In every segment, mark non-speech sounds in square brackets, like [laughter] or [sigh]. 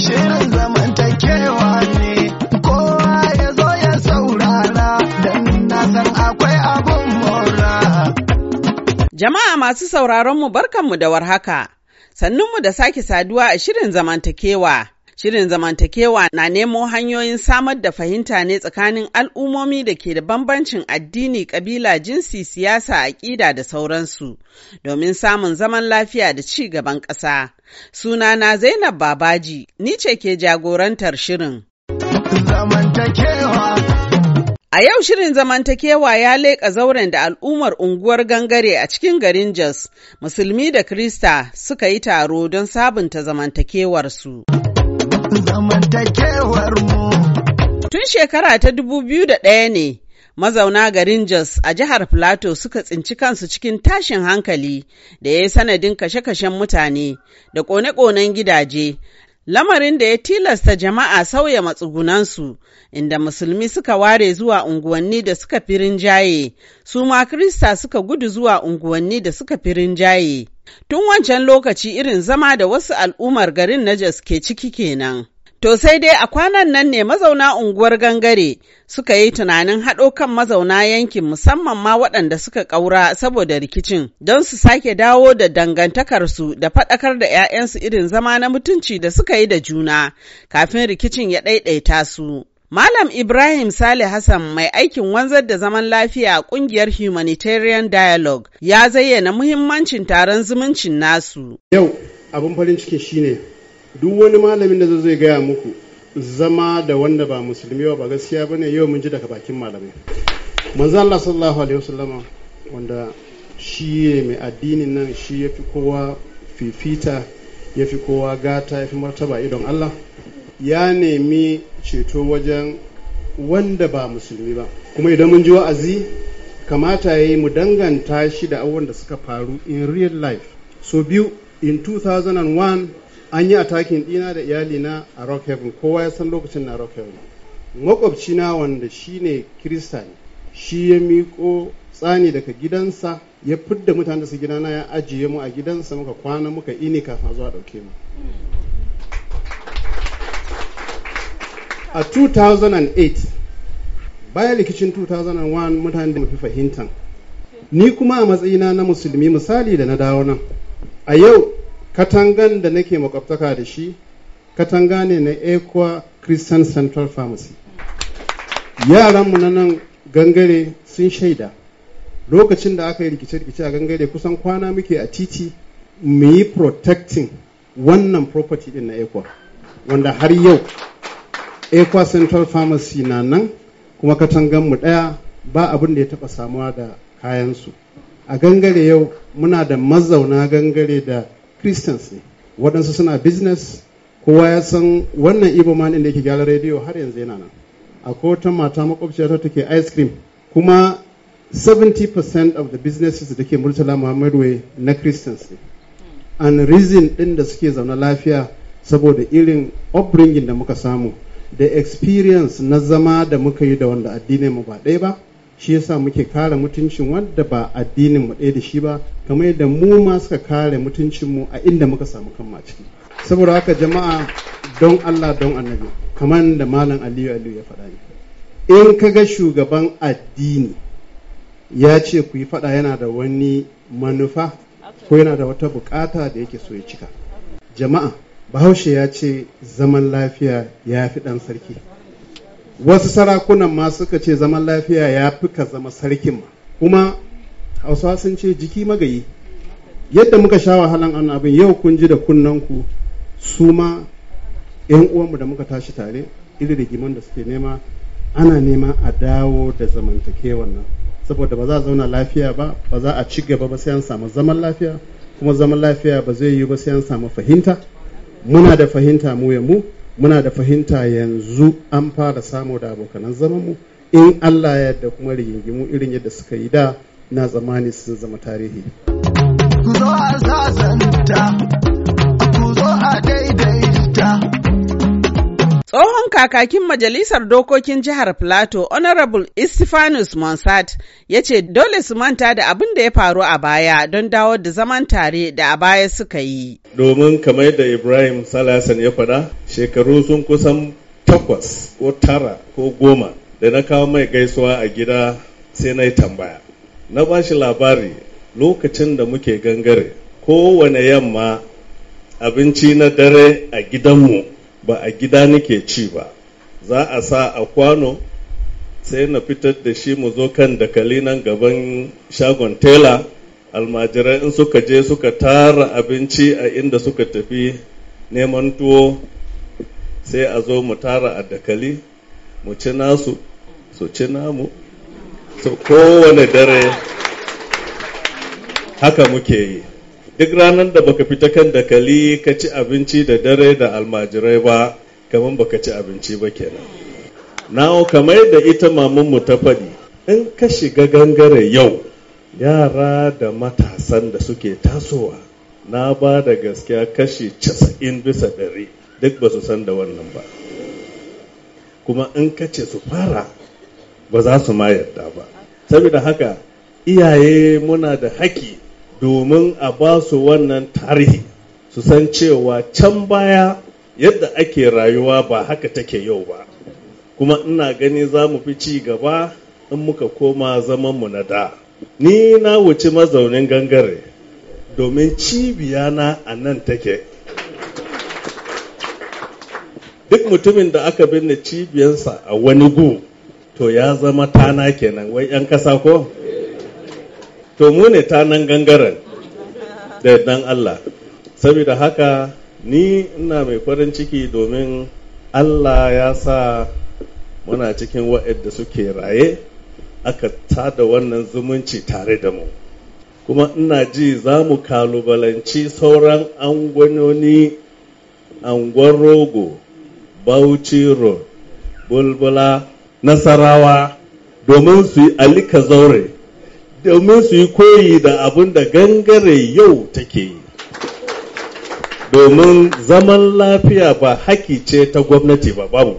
Shirin zamantakewa ne kowa ya zo ya saurara don na akwai abun mora. Jama'a masu sauraronmu mu da warhaka, sannunmu da sake saduwa a shirin zamantakewa. Shirin zamantakewa na nemo hanyoyin samar da fahimta ne tsakanin al'ummomi da ke da bambancin addini, kabila, jinsi, siyasa, aƙida da sauransu, domin samun zaman lafiya da ci gaban ƙasa. Sunana Zainab Babaji, ni ce ke jagorantar shirin. A yau shirin zamantakewa ya leƙa zauren da al'ummar unguwar gangare a cikin garin Jos, Musulmi da Krista suka yi taro don sabunta zamantakewarsu. Tun shekara ta dubu biyu da ɗaya ne mazauna garin Jos a jihar Filato suka tsinci kansu cikin tashin hankali da ya yi sanadin kashe-kashen mutane da kone-konen gidaje lamarin da ya tilasta jama'a sauya matsugunansu inda musulmi suka ware zuwa unguwanni da suka firin jaye, su ma krista suka gudu zuwa unguwanni da suka firin jaye, tun wancan lokaci irin zama da wasu al'ummar garin na ke ciki kenan To sai dai a kwanan nan ne mazauna unguwar gangare suka yi tunanin haɗo kan mazauna yankin musamman ma waɗanda suka ƙaura saboda rikicin don su sake dawo da dangantakarsu da faɗakar da 'ya'yansu irin zama na mutunci da suka yi da juna kafin rikicin ya ɗaiɗaita su. Malam Ibrahim Saleh Hassan mai aikin wanzar da zaman lafiya a ƙungiyar Humanitarian Dialogue ya zayyana muhimmancin taron zumuncin nasu. Yau abin farin ciki shine duk wani malamin da zai gaya muku zama da wanda ba musulmi ba gaskiya ba ne yau mun ji daga bakin malamai manzo Allah sallallahu alaihi wasallam wanda shi ne mai addinin nan shi ya fi kowa fifita ya fi kowa gata ya fi martaba idon Allah ya nemi ceto wajen wanda ba musulmi ba kuma idan mun ji wa'azi kamata yayi mu danganta shi da abubuwan da suka faru in real life so biyu in 2001 an yi atakin dina da iyalina a rock heaven kowa ya san lokacin na rock heaven makwabcina wanda shine kirista ne shi ya miko tsani daga gidansa ya fidda mutane da su gidana ya ajiye mu a gidansa muka kwana muka ini kafin zuwa ɗauke mu a 2008 bayan rikicin 2001 mutane da mafi fahimtan ni kuma a matsayina na musulmi misali da na dawo nan a yau katangan da nake makwabtaka da shi katanga ne na equa christian central pharmacy yaranmu na nan gangare sun shaida lokacin da aka yi rikice-rikice a gangare kusan kwana muke a titi mu yi protecting wannan property din na equa wanda har yau equa central pharmacy na nan kuma katanganmu ɗaya ba abin da ya taɓa samuwa da kayansu a gangare yau muna da mazauna gangare da christians ne waɗansu suna business kowa ya san wannan ibo man da yake gyara rediyo har yanzu yana nan akwai wata mata makwabciya ta take ice cream kuma 70% of the businesses da ke murtala muhammadu na christians ne and reason ɗin da suke zaune lafiya saboda irin upbringing da muka samu da experience na zama da muka yi da wanda addinin mu ba ɗaya ba shi yasa muke kare mutuncin wanda ba addinin mu ɗaya da shi ba kamar yadda mu ma suka kare mutuncin mu a inda muka samu kan ciki saboda haka jama'a don Allah don annabi kamar da malam Aliyu Aliyu ya faɗa ne in ka ga shugaban addini ya ce ku yi faɗa yana da wani manufa ko yana da wata bukata da yake so ya cika jama'a bahaushe ya ce zaman lafiya ya fi ɗan sarki wasu sarakunan ma suka ce zaman lafiya ya fi ka zama sarkin ma kuma hausawa sun ce jiki magayi yadda muka sha wahalan an abin yau kun ji da kunnanku su ma yan uwanmu da muka tashi tare iri da giman da suke nema ana nema a dawo da zamantakewan nan saboda ba za a zauna lafiya ba ba za a ci gaba ba sai an samu zaman lafiya kuma zaman lafiya ba zai yi ba sai an samu fahimta muna da fahimta mu ya mu muna da fahimta yanzu an fara samu da abokanan mu in allah ya yadda kuma rigingimu irin yadda suka yi da na zamani sun zama tarihi ku a sasanta ku a daidaita Tsohon kakakin Majalisar Dokokin Jihar Plateau, Honorable Istifanus Monsat, ya ce dole su manta da abin da ya faru a baya don dawo da zaman tare da a baya suka yi. Domin kamar yadda Ibrahim Salasan ya faɗa, shekaru sun kusan takwas ko tara ko goma da na kawo mai gaisuwa a gida sai na yi tambaya. Na ba shi labari lokacin da muke gangare, kowane yamma abinci na dare a gidanmu. ba a gida nake ci ba za a sa a kwano sai na fitar da shi mu zo kan dakali nan gaban shagon tela almajirai in suka je suka tara abinci a inda suka tafi neman tuwo sai a zo mu tara a dakali mu ci nasu su ci namu so kowane dare haka muke yi duk ranar da baka fita kan dakali ka ci abinci da dare da almajirai ba kamar baka ci abinci ba kenan nawo kamar da ita mamanmu ta faɗi in ka shiga gangare yau yara da matasan da suke tasowa na ba da gaskiya kashi casa'in bisa ɗari duk ba su san da wannan ba kuma in ka ce su fara ba za su ma yarda ba saboda haka iyaye muna da haƙƙi domin a ba su wannan tarihi su san cewa can baya yadda ake rayuwa ba haka take yau ba kuma ina gani za mu fi ci gaba in muka koma mu na da ni na wuce mazaunin gangare domin cibiyana a nan take duk mutumin da aka binne cibiyansa a wani gu to ya zama tana kenan wai 'yan kasa ko? to mu ne ta nan gangaren da dan Allah saboda haka ni ina mai farin ciki domin Allah ya sa muna cikin waɗanda suke raye aka tada wannan zumunci tare da mu kuma ina ji za mu kalubalanci sauran angwanoni angon rogo bauchi road bulbula nasarawa domin su yi alika zaure domin su yi koyi da abin da gangare yau take yi domin zaman lafiya ba haki ce ta gwamnati ba babu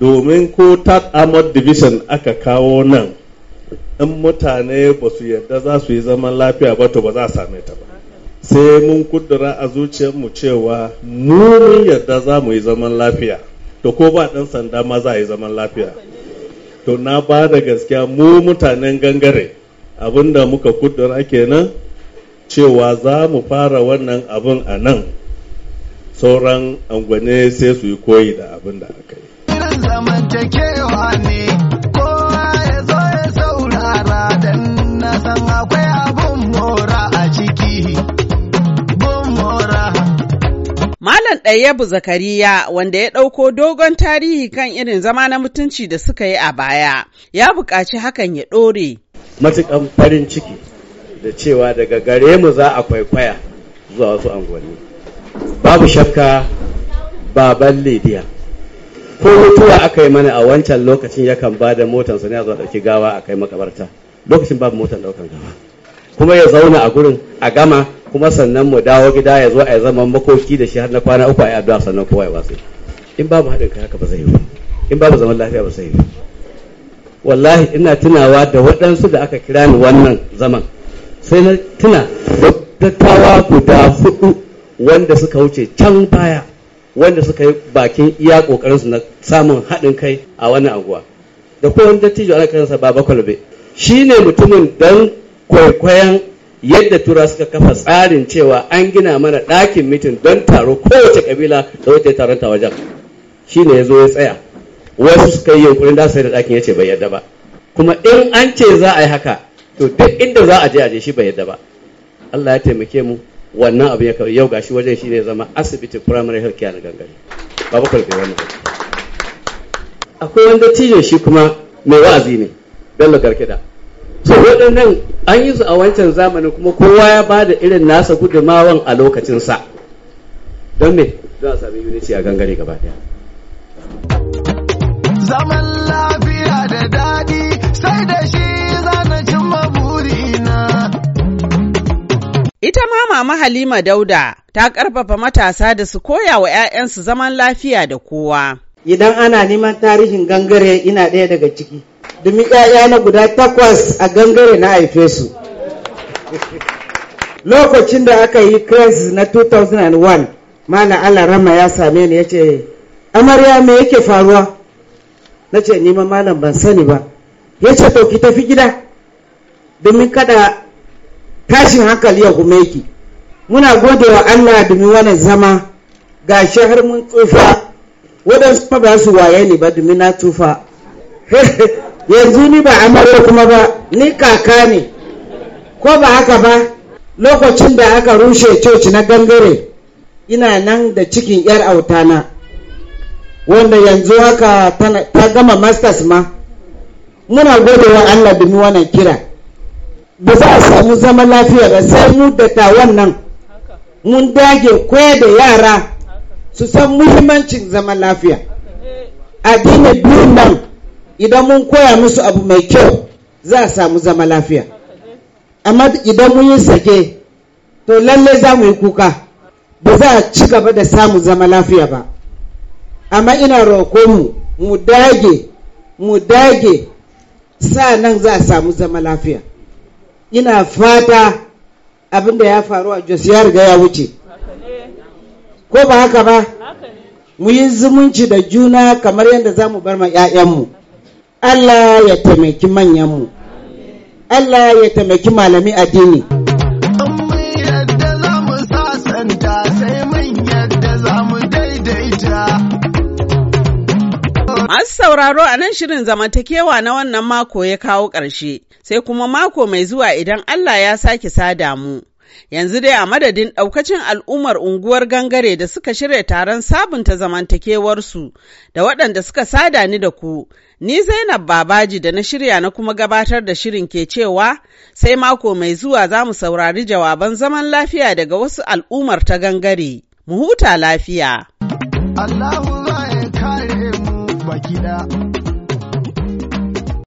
domin ko third armored division aka kawo nan in mutane ba su yarda za su yi zaman lafiya ba to ba za a same ta ba sai mun kudura a zuciyarmu cewa mu mun yarda za mu yi zaman lafiya to ko ba ɗan sanda ma za a yi zaman lafiya to na ba da gaskiya mu mutanen gangare abinda muka kudura kenan cewa za mu fara wannan abin a nan sauran angwane sai su yi koyi da abin da aka yi akwai abun mora Malam Ɗayyabu Zakariya wanda ya ɗauko dogon tarihi kan irin zama na mutunci da suka yi a baya, ya buƙaci hakan ya ɗore matukan farin ciki da cewa daga gare mu za a kwaikwaya zuwa wasu angonni babu shakka baban lidiya ko mutuwa aka yi mana a wancan lokacin yakan ba da motansa ne a zuwa ɗauki gawa a kai makabarta lokacin babu motan ɗaukan gawa kuma ya zauna a gurin a gama kuma sannan mu dawo gida ya zo a zaman makoki da shi har na kwana uku a yi addu'a sannan kowa ya watsi in babu haɗin kai haka ba zai yi in babu zaman lafiya ba zai yi wallahi ina tunawa da waɗansu da aka kira ni wannan zaman sai na tuna dattawa guda hudu wanda suka wuce can baya wanda suka yi bakin iya ƙoƙarinsu na samun haɗin kai a wannan anguwa da kowane dattijo ana kiransa baba kwalbe shi ne mutumin don kwaikwayon yadda tura suka kafa tsarin cewa an gina mana ɗakin mitin don taro kowace ƙabila da wata taron ta wajen shi ne ya zo ya tsaya wasu suka yi yunkurin da su sai da ɗakin ya ce bai yarda ba kuma in an ce za a yi haka to duk inda za a je a je shi bai yarda ba Allah ya taimake mu wannan abu ya yau gashi wajen shi ne zama asibiti primary health care na gangare babu kwalfe wannan akwai wanda tijo shi kuma mai wa'azi ne bello garkida so waɗannan an yi su a wancan zamani kuma kowa ya ba da irin nasa gudumawan a lokacinsa don me don a sami unity a gangare gaba ɗaya zaman lafiya da daɗi sai da shi zana cimma burina. Ita ma mama Halima Dauda ta ƙarfafa matasa da su koya wa 'ya'yansu zaman lafiya da kowa. Idan ana neman tarihin gangare ina ɗaya daga ciki, domin 'ya'ya na guda takwas a gangare na haife su. Lokacin da aka yi crisis na 2001, Malam Allah Rama ya same ni ya ce, Amarya me yake faruwa? na ce neman malam ban sani ba ya ce to ki tafi gida domin kada tashin hankali ya kuma ki muna gode wa Allah domin wani zama ga shi har mun tsufa waɗansu ba su waye ne ba domin na tsufa [laughs] yanzu ni ba amarya kuma ba ni kaka ne ko ba haka ba lokacin da aka rushe coci na gangare ina nan da cikin yar autana wanda yanzu haka ta gama masters ma muna gode wa Allah domin wannan kira ba za a samu zama lafiya ba sai mu da tawon nan mun dage koya da yara su san muhimmancin zaman lafiya addini biyu nan idan mun koya musu abu mai kyau za a samu zaman lafiya amma idan mun yi sake to lalle za mu yi kuka ba za a ci gaba da samu zama lafiya ba amma ina roƙonmu mu dage mu dage nan za a samu zama lafiya ina fata abin da ya faru a jos ya riga ya wuce ko ba haka ba mu yi zumunci da juna kamar yadda za mu bar ma 'ya'yanmu allah ya taimaki manyanmu allah ya taimaki malami addini. Masu sauraro a nan shirin zamantakewa na wannan mako ya kawo ƙarshe, sai kuma mako mai zuwa idan Allah ya sake sada mu. Yanzu dai a madadin ɗaukacin al'ummar unguwar gangare da suka shirya taron sabunta zamantakewarsu da waɗanda suka sada ni da ku, ni Zainab Babaji da na shirya na kuma gabatar da shirin ke cewa sai mako mai zuwa za mu saurari jawaban zaman lafiya daga wasu al'ummar ta gangare. Mu huta lafiya. Allahu baki daya